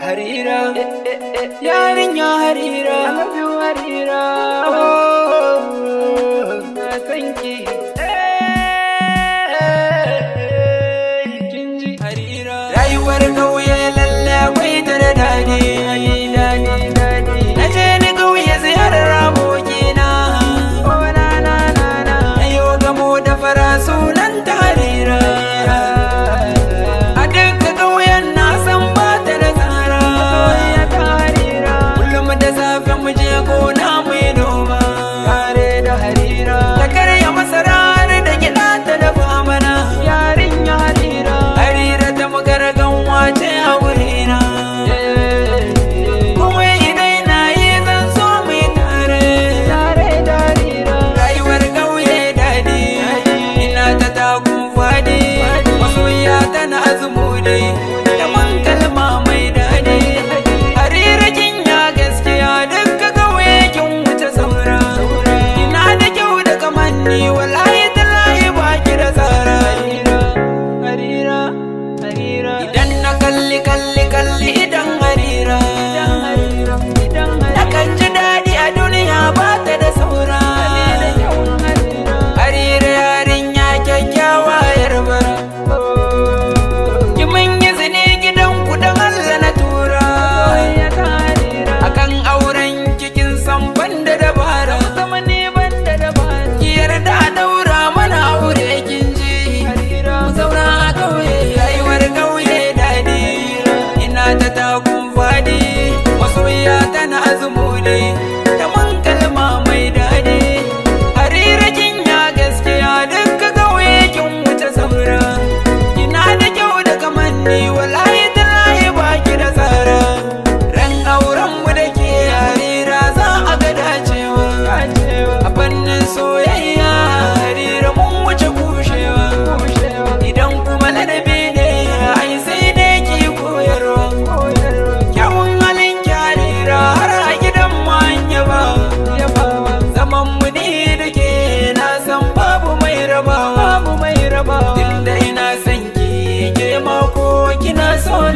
Harira, yeah, in your Harira, I love you, Harira. Oh. ta du mũi đi you so